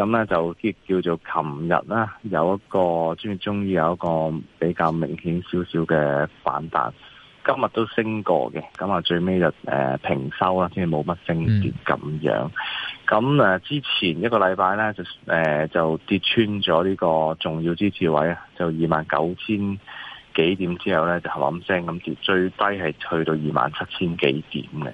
咁咧就叫做琴日啦，有一個終於有一個比較明顯少少嘅反彈，今日都升過嘅，咁啊最尾就、呃、平收啦，即係冇乜升跌咁樣。咁、嗯、之前一個禮拜咧就、呃、就跌穿咗呢個重要支持位啊，就二萬九千幾點之後咧就冚聲咁跌，最低係去到二萬七千幾點嘅。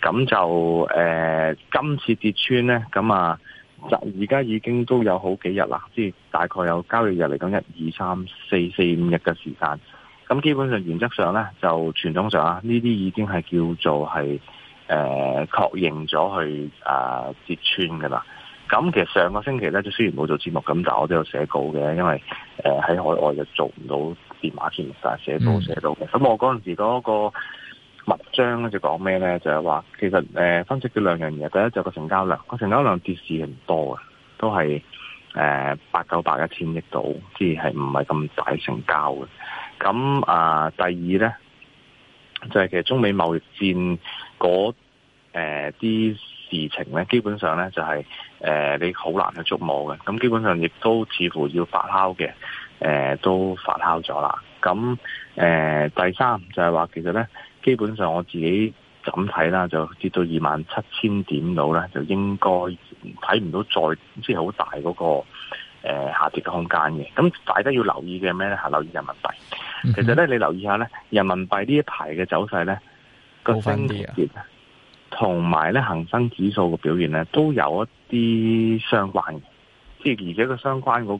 咁就誒、呃、今次跌穿咧，咁、嗯、啊～而家已經都有好幾日啦，即係大概有交易日嚟講一、二、三、四、四五日嘅時間。咁基本上原則上咧，就傳統上啊，呢啲已經係叫做係誒確認咗去誒截、呃、穿㗎啦。咁其實上個星期咧，就雖然冇做節目，咁但係我都有寫稿嘅，因為誒喺、呃、海外就做唔到電話節目但係寫稿寫到嘅。咁我嗰陣時嗰個。將就講咩咧？就係話，其實誒分析咗兩樣嘢。第一就個成交量，個成交量跌市係唔多嘅，都係誒八九百一千億度，即係唔係咁大成交嘅。咁啊，第二咧就係其實中美貿易戰嗰啲事情咧，基本上咧就係誒你好難去捉摸嘅。咁基本上亦都似乎要發酵嘅，誒都發酵咗啦。咁誒第三就係話，其實咧。基本上我自己咁睇啦，就跌到二萬七千點度咧，就應該睇唔到再即係好大嗰、那個誒、呃、下跌嘅空間嘅。咁大家要留意嘅咩咧？係留意人民幣、嗯。其實咧，你留意一下咧，人民幣呢一排嘅走勢咧，個、啊、升跌同埋咧恒生指數嘅表現咧，都有一啲相關嘅。即係而且個相關嗰、那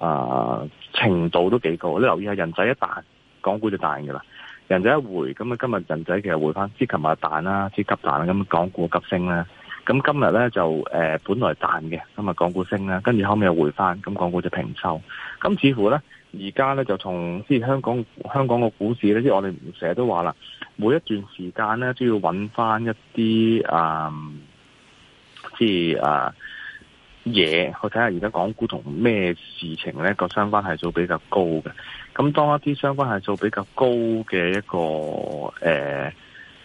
個啊、呃、程度都幾高。你留意一下人一，大人仔一彈港股就彈噶啦。人仔一回咁啊，今日人仔其實回翻，即琴日彈啦，即急彈咁，港股急升啦。咁今日咧就誒本來彈嘅，今日港股升啦，跟住後面又回翻，咁港股就平收。咁似乎咧，而家咧就從即係香港香港個股市咧，即係我哋成日都話啦，每一段時間咧都要揾翻一啲、嗯、啊，即係啊。嘢，去睇下而家港股同咩事情咧個相關係數比較高嘅。咁當一啲相關係數比較高嘅一個誒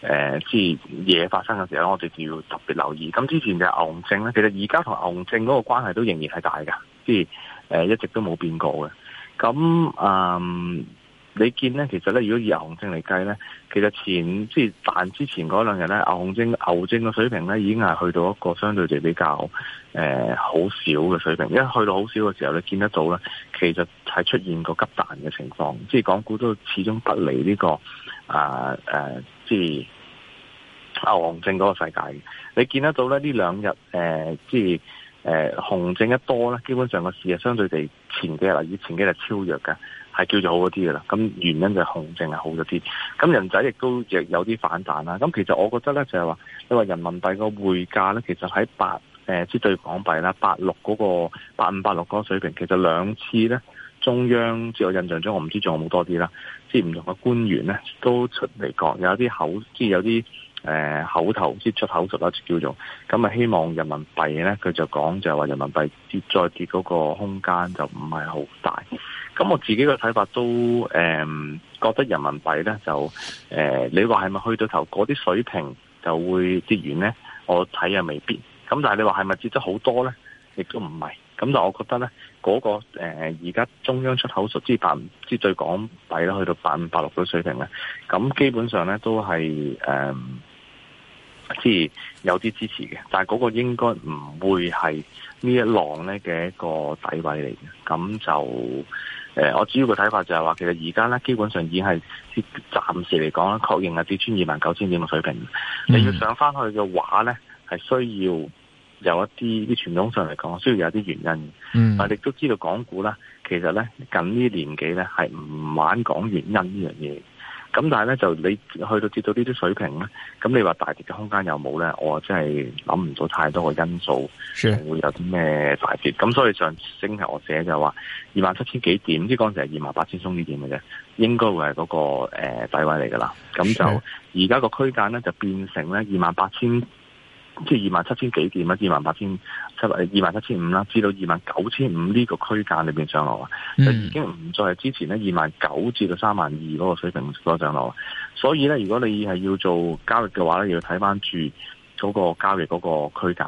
誒，即係嘢發生嘅時候咧，我哋就要特別留意。咁之前就牛熊證咧，其實而家同牛熊證嗰個關係都仍然係大嘅，即係誒一直都冇變過嘅。咁嗯。你見咧，其實咧，如果以熊證嚟計咧，其實前即係彈之前嗰兩日咧，牛熊證牛證嘅水平咧已經係去到一個相對地比較誒好少嘅水平，因為去到好少嘅時候，你見得到咧，其實係出現過急彈嘅情況，即係港股都始終不離呢、呢個啊、呃呃、即係牛熊證嗰個世界嘅。你見得到咧呢兩日、呃、即係、呃、熊證一多咧，基本上個市啊相對地前幾日啦，以前幾日超弱嘅。係叫做好咗啲嘅啦，咁原因就係熊證係好咗啲，咁人仔亦都亦有啲反彈啦。咁其實我覺得咧就係話，你話人民幣個匯價咧，其實喺八誒即對港幣啦，八六嗰個八五八六嗰個水平，其實兩次咧中央即我印象中，我唔知仲有冇多啲啦，即唔同嘅官員咧都出嚟講，有一啲口即有啲。誒、呃、口頭即出口數啦，叫做咁啊！咁希望人民幣咧，佢就講就係話人民幣跌再跌嗰個空間就唔係好大。咁我自己嘅睇法都誒、呃、覺得人民幣咧就誒、呃，你話係咪去到頭嗰啲水平就會跌遠咧？我睇又未必。咁但係你話係咪跌得好多咧？亦都唔係。咁但我覺得咧，嗰、嗰個而家、呃、中央出口數即百之對港幣咧去到百五百六嘅水平咧，咁基本上咧都係誒。呃即係有啲支持嘅，但係嗰個應該唔會係呢一浪咧嘅一個底位嚟嘅。咁就誒、呃，我主要嘅睇法就係、是、話，其實而家咧基本上已經係暫時嚟講啦，確認係跌穿二萬九千點嘅水平。你、嗯、要上翻去嘅話咧，係需要有一啲啲傳統上嚟講，需要有啲原因。嗯、但亦都知道港股咧，其實咧近年紀呢年紀咧係唔玩講原因呢樣嘢。咁但係咧就你去到跌到呢啲水平咧，咁你話大跌嘅空間有冇咧？我真係諗唔到太多嘅因素會有啲咩大跌。咁所以上升係我寫就話二萬七千幾點，即講就係二萬八千鬆啲點嘅啫，應該會係嗰個、呃、底位嚟噶啦。咁就而家個區間咧就變成咧二萬八千。即係二萬七千幾點啦，二萬八千七，二萬七千五啦，至到二萬九千五呢個區間裏面上落啊，就、mm. 已經唔再係之前咧二萬九至到三萬二嗰個水平嗰上落，所以咧如果你係要做交易嘅話咧，要睇翻住嗰個交易嗰個區間。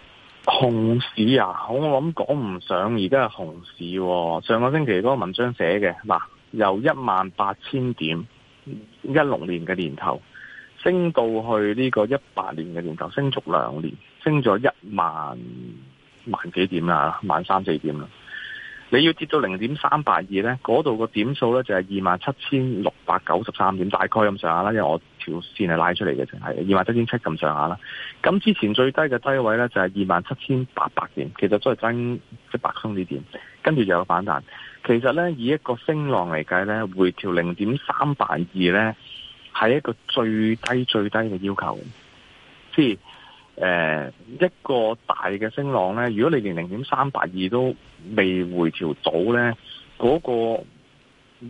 熊市啊，我諗講唔上，而家係熊市啊。上個星期嗰個文章寫嘅嗱，由一萬八千點一六年嘅年頭升到去呢個一八年嘅年頭，升足兩年，升咗一萬萬幾點啦，萬三四點啦。你要跌到零點三八二呢，嗰度個點數呢，就係二萬七千六百九十三點，大概咁上下啦，因為我。條線係拉出嚟嘅，淨係二萬七千七咁上下啦。咁之前最低嘅低位呢，就係二萬七千八百點，其實都係爭一百鬆啲點，跟住就有反彈。其實呢，以一個升浪嚟計呢，回調零點三八二呢，係一個最低最低嘅要求。即係、呃、一個大嘅升浪呢，如果你連零點三八二都未回調到呢，嗰、嗰個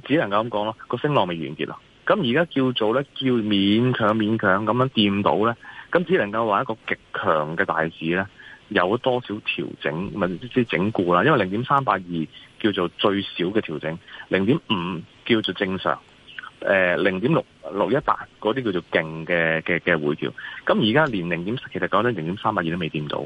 只能夠咁講咯，個升浪未完結啊！咁而家叫做咧，叫勉強勉強咁樣掂到咧，咁只能夠話一個極強嘅大市咧，有多少調整，咪即係整固啦。因為零點三八二叫做最少嘅調整，零點五叫做正常，誒，零點六六一八嗰啲叫做勁嘅嘅嘅回調。咁而家連零點，其實講真，零點三八二都未掂到，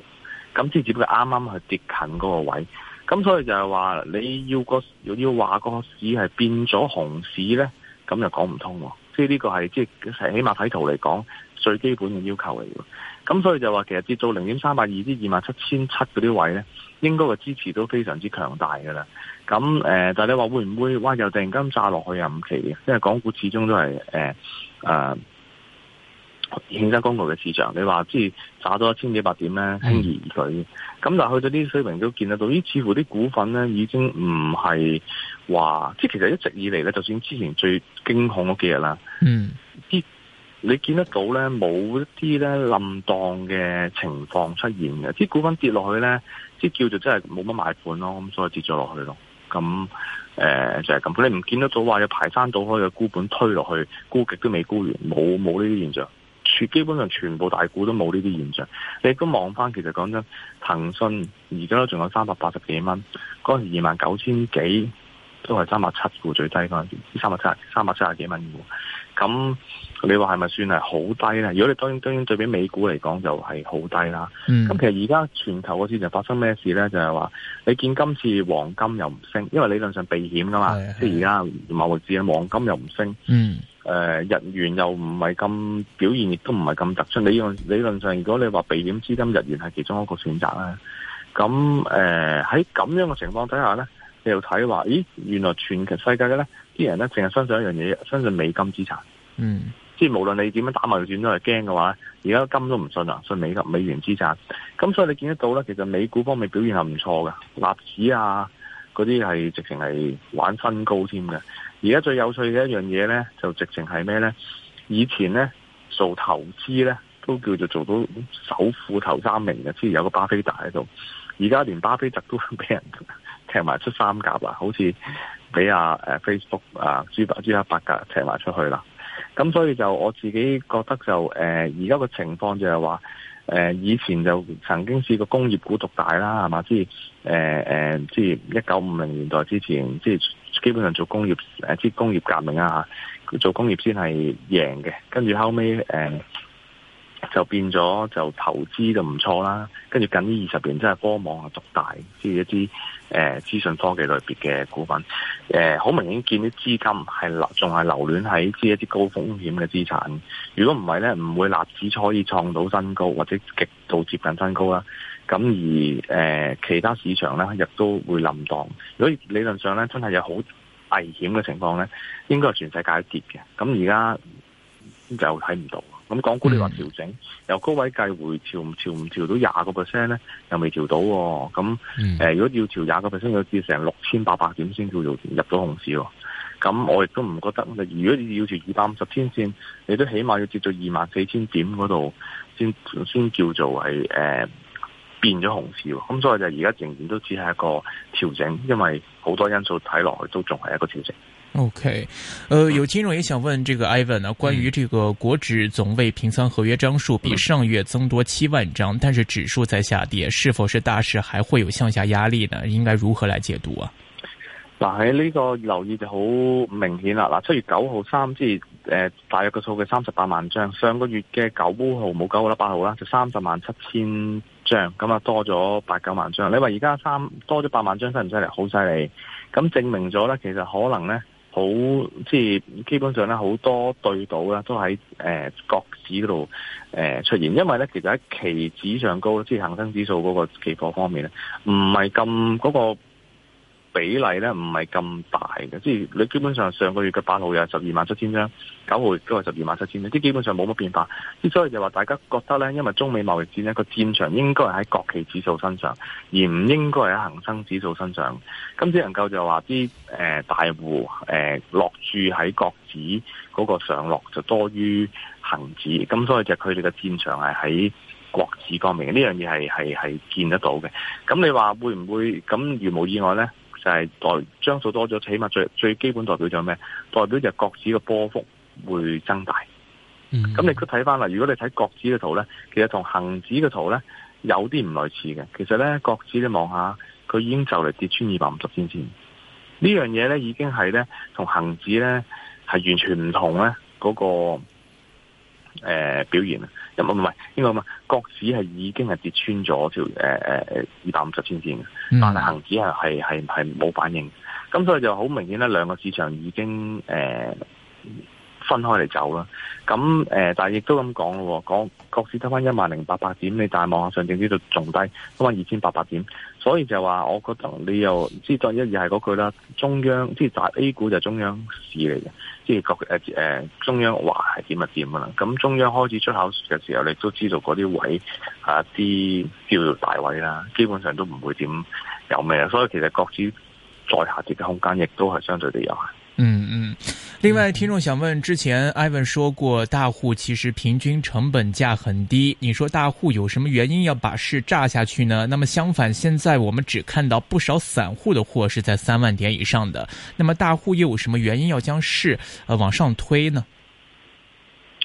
咁只只不過啱啱去跌近嗰個位。咁所以就係話，你要個要要話個市係變咗熊市咧？咁又講唔通喎，即係呢個係即係起碼睇圖嚟講最基本嘅要求嚟嘅。咁所以就話其實跌到零點三百二至二萬七千七嗰啲位咧，應該個支持都非常之強大㗎啦。咁誒，但係你話會唔會哇又突然間炸落去啊五期嘅？因為港股始終都係誒誒衍生工具嘅市場，你話即係炸咗一千幾百點咧輕、嗯、而易舉。咁但係去到啲水平都見得到，呢似乎啲股份咧已經唔係。話即係其實一直以嚟咧，就算之前最驚恐嗰幾日啦，啲、嗯、你見得到咧，冇一啲咧冧檔嘅情況出現嘅，啲股份跌落去咧，即係叫做真係冇乜買盤咯，咁所以跌咗落去咯。咁誒、呃、就係、是、咁，你唔見得到話有排山倒海嘅股本推落去，沽極都未沽完，冇冇呢啲現象，全基本上全部大股都冇呢啲現象。你都望翻其實，講真，騰訊而家都仲有三百八十幾蚊，嗰時二萬九千幾。都係三百七股最低，三百七三百七幾蚊。咁你話係咪算係好低咧？如果你當然當然對比美股嚟講就係好低啦。咁、嗯、其實而家全球個市場就發生咩事咧？就係、是、話你見今次黃金又唔升，因為理論上避險噶嘛。是是是即係而家貿易戰，黃金又唔升。誒、嗯呃，日元又唔係咁表現，亦都唔係咁突出。你論理論上，如果你話避險資金，日元係其中一個選擇啦。咁誒，喺、呃、咁樣嘅情況底下咧。你又睇話，咦？原來全球世界嘅咧，啲人咧淨係相信一樣嘢，相信美金資產。嗯，即係無論你點樣打埋轉都係驚嘅話，而家金都唔信啊，信美金美元資產。咁所以你見得到咧，其實美股方面表現係唔錯嘅，納指啊嗰啲係直情係玩新高添嘅。而家最有趣嘅一樣嘢咧，就直情係咩咧？以前咧做投資咧，都叫做做到首富頭三名嘅，之前有個巴菲特喺度。而家連巴菲特都俾人踢埋出三甲啦，好似俾阿誒 Facebook 啊，G8 G8 噶踢埋出去啦。咁所以就我自己覺得就誒，而家個情況就係話，誒、呃、以前就曾經試過工業股獨大啦，係嘛，即係誒誒，即係一九五零年代之前，即係基本上做工業誒，即、呃、係工業革命啊，做工業先係贏嘅，跟住後尾。誒、呃。就變咗就投資就唔錯啦，跟住近呢二十年真係科網係獨大，即係一啲，呃，資訊科技類別嘅股份，呃，好明顯見啲資金係仲係留戀喺啲一啲高風險嘅資產。如果唔係呢，唔會納指可以創到新高或者極度接近新高啦。咁而、呃、其他市場呢，亦都會冧盪。所以理論上呢，真係有好危險嘅情況呢，應該係全世界跌嘅。咁而家就睇唔到。咁港股你話調整、嗯，由高位計回調，調唔調到廿個 percent 咧？又未調到、哦，咁誒、嗯呃，如果要調廿個 percent，要至成六千八百點先叫做入到熊市喎。咁我亦都唔覺得，如果你要調二百五十天綫，你都起碼要接到二萬四千點嗰度，先先叫做係誒、呃、變咗熊市。咁所以就而家仍然都只係一個調整，因為好多因素睇落去都仲係一個調整。OK，呃，有金融也想問這個 Ivan 啊，關於這個國指總未平倉合約張數比上月增多七萬張，但是指數在下跌，是否是大市還會有向下壓力呢？應該如何來解讀啊？嗱喺呢個留意就好明顯啦，嗱，七月九號三，即係誒，大約個數嘅三十八萬張，上個月嘅九號冇九號啦，八號啦，就三十萬七千張，咁啊多咗八九萬張，你話而家三多咗八萬張，犀唔犀利？好犀利，咁證明咗咧，其實可能咧。好即係基本上咧，好多對賭咧都喺誒各市嗰度誒，出現，因為咧其實喺期指上高，即係恒生指數嗰個期貨方面咧，唔係咁嗰個。比例咧唔係咁大嘅，即係你基本上上個月嘅八號又有十二萬七千張，九號都係十二萬七千張，即係基本上冇乜變化。之所以就話大家覺得咧，因為中美貿易戰呢個戰場應該係喺國企指數身上，而唔應該係喺恒生指數身上。咁只能夠就話啲誒大戶誒落注喺國指嗰個上落就多於恒指，咁所以就佢哋嘅戰場係喺國指方面，呢樣嘢係係係見得到嘅。咁你話會唔會咁？如無意外咧？就係、是、代張數多咗，起碼最最基本代表咗咩？代表就係國指嘅波幅會增大。咁、mm -hmm. 你都睇翻啦，如果你睇國指嘅圖咧，其實同恒指嘅圖咧有啲唔類似嘅。其實咧，國指你望下，佢已經就嚟跌穿二百五十線線。樣呢樣嘢咧已經係咧同恒指咧係完全唔同咧嗰、那個。誒、呃、表現啊，咁啊唔係呢個啊嘛，應該國指係已經係跌穿咗條誒誒誒二百五十天線嘅，但係恒指係係冇反應，咁所以就好明顯咧，兩個市場已經誒。呃分開嚟走啦，咁誒，但係亦都咁講咯，講國指得翻一萬零八百點，你大網上下上證呢度仲低，得返二千八百點，所以就話我覺得你又知，係一又係嗰句啦，中央即係大 A 股就中央市嚟嘅，即係誒誒中央話係點就點啦。咁中央開始出口嘅時候，你都知道嗰啲位啲叫做大位啦，基本上都唔會點有咩，所以其實國指再下跌嘅空間亦都係相對地有限。嗯嗯。另外，聽眾想問，之前 Ivan 說過，大戶其實平均成本價很低。你說大戶有什麼原因要把市炸下去呢？那麼相反，現在我們只看到不少散戶的貨是在三萬點以上的。那麼大戶又有什麼原因要將市，呃，往上推呢？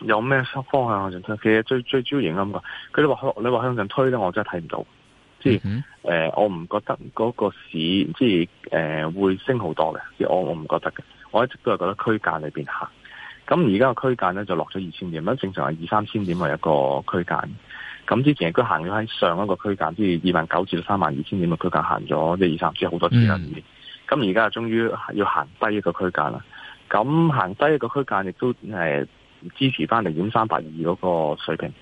有咩方向向上推？其實最最主要型咁講，佢你話向你話向上推咧，我真係睇唔到。即係，誒，我唔覺得嗰個市，即係，誒，會升好多嘅。我我唔覺得嘅。我一直都係覺得區間裏邊行，咁而家個區間咧，就落咗二千點，咁正常係二三千點為一個區間。咁之前亦都行咗喺上一個區間，即係二萬九至到三萬二千點嘅區間行咗，即係二三千好多次啦，咁而家啊，終於要行低一個區間啦。咁行低一個區間亦都誒支持翻零點三八二嗰個水平。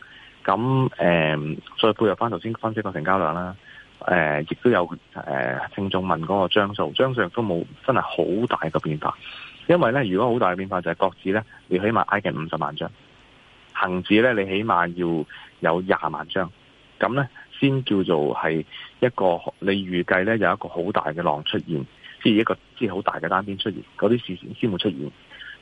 咁誒、呃、再配合翻頭先分析個成交量啦。誒、呃，亦都有誒聽眾問嗰個張數，張數亦都冇真係好大嘅變化。因為咧，如果好大嘅變化就係國指咧，你起碼挨近五十萬張，恆指咧，你起碼要有廿萬張，咁咧先叫做係一個你預計咧有一個好大嘅浪出現，即係一個即係好大嘅單邊出現，嗰啲事先會出現。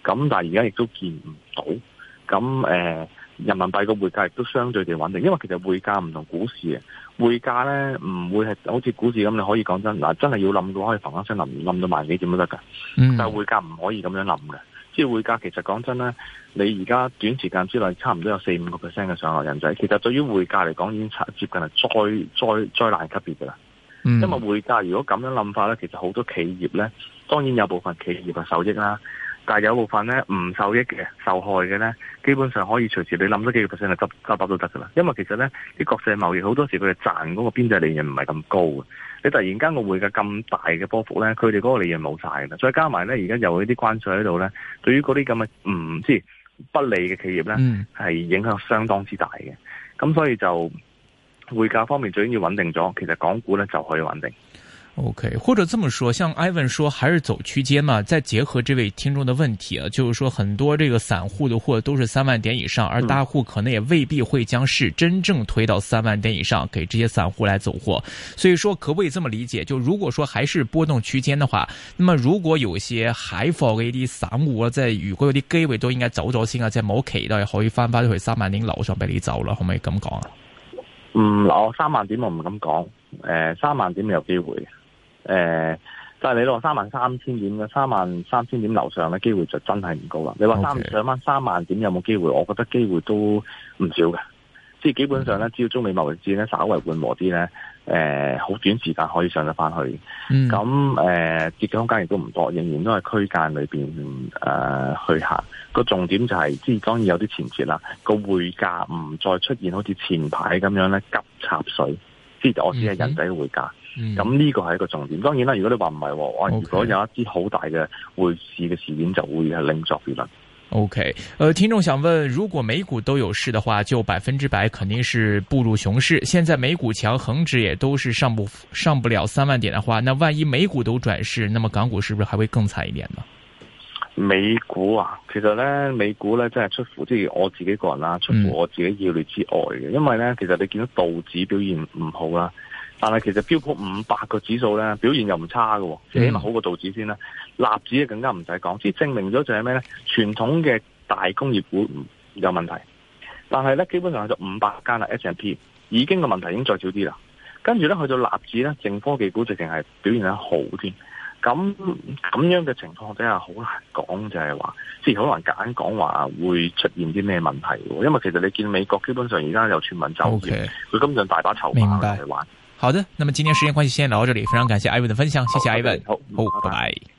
咁但係而家亦都見唔到，咁誒，呃人民幣個匯價亦都相對地穩定，因為其實匯價唔同股市啊，匯價咧唔會係好似股市咁你可以講真嗱，真係要冧嘅話，可以浮開雙冧冧到萬幾點都得㗎。但係匯價唔可以咁樣冧嘅，即係匯價其實講真咧，你而家短時間之內差唔多有四五個 percent 嘅上落人仔，其實對於匯價嚟講已經接近係災災災難級別㗎啦、嗯。因為匯價如果咁樣冧法咧，其實好多企業咧當然有部分企業嘅受益啦。但係有部分咧唔受益嘅受害嘅咧，基本上可以隨時你諗多幾個 percent 嚟執筆都得噶啦。因為其實咧啲國際貿易好多時佢哋賺嗰個邊際利潤唔係咁高嘅。你突然間個匯價咁大嘅波幅咧，佢哋嗰個利潤冇曬嘅啦。再加埋咧，而家又有啲關稅喺度咧，對於嗰啲咁嘅唔知不利嘅企業咧，係、mm. 影響相當之大嘅。咁所以就匯價方面最緊要穩定咗，其實港股咧就可以穩定。OK，或者這麼說，像 Ivan 說，還是走區間嘛？再結合這位聽眾的問題啊，就是說，很多這個散戶的貨都是三萬點以上，而大戶可能也未必會將市真正推到三萬點以上，給這些散戶來走貨。所以說，可不可以這麼理解？就如果說還是波動區間的話，那麼如果有些海貨嘅一啲散戶啊，即係如果有啲機會都應該走咗先啊，即係冇期待可以翻翻去三萬點樓上俾你走咯，可唔可以咁講啊？唔，嗱，三萬點我唔敢講，誒、呃，三萬點有機會。誒、呃，但係你話三萬三千點嘅三萬三千點樓上咧，機會就真係唔高啦。你話三、okay. 上翻三萬點有冇機會？我覺得機會都唔少嘅，即係基本上咧，只要中美貿易戰咧稍微緩和啲咧，誒、呃，好短時間可以上得翻去。咁、mm. 誒，跌、呃、嘅空間亦都唔多，仍然都係區間裏邊誒、呃、去行。個重點就係、是，即係當然有啲前設啦，個匯價唔再出現好似前排咁樣咧急插水。我只係引底回價，咁呢個係一個重點。當然啦，如果你話唔係，喎，如果有一支好大嘅匯市嘅事件，就會係另作別論。OK，誒，聽眾想問，如果美股都有市嘅話，就百分之百肯定是步入熊市。現在美股強，恒指也都是上不上不了三萬點嘅話，那萬一美股都轉市，那麼港股是不是還會更慘一點呢？美股啊，其實咧美股咧真係出乎即係、就是、我自己個人啦，出乎我自己意料之外嘅。因為咧，其實你見到道指表現唔好啦，但係其實標普五百個指數咧表現又唔差嘅、哦，起碼好過道指先啦。納指更加唔使講，即係證明咗就係咩咧？傳統嘅大工業股有問題，但係咧基本上去到五百間啦，S&P 已經個問題已經再少啲啦。跟住咧去到納指咧，淨科技股直情係表現得好添。咁咁樣嘅情況真係好難講，就係話，即係好難夾硬講話會出現啲咩問題，因為其實你見美國基本上而家有全民走錢，佢今日大把籌碼嚟玩。好的，那麼今天時間關係，先聊到這裡，非常感謝艾文的分享，謝謝艾文，好，拜拜。好 bye bye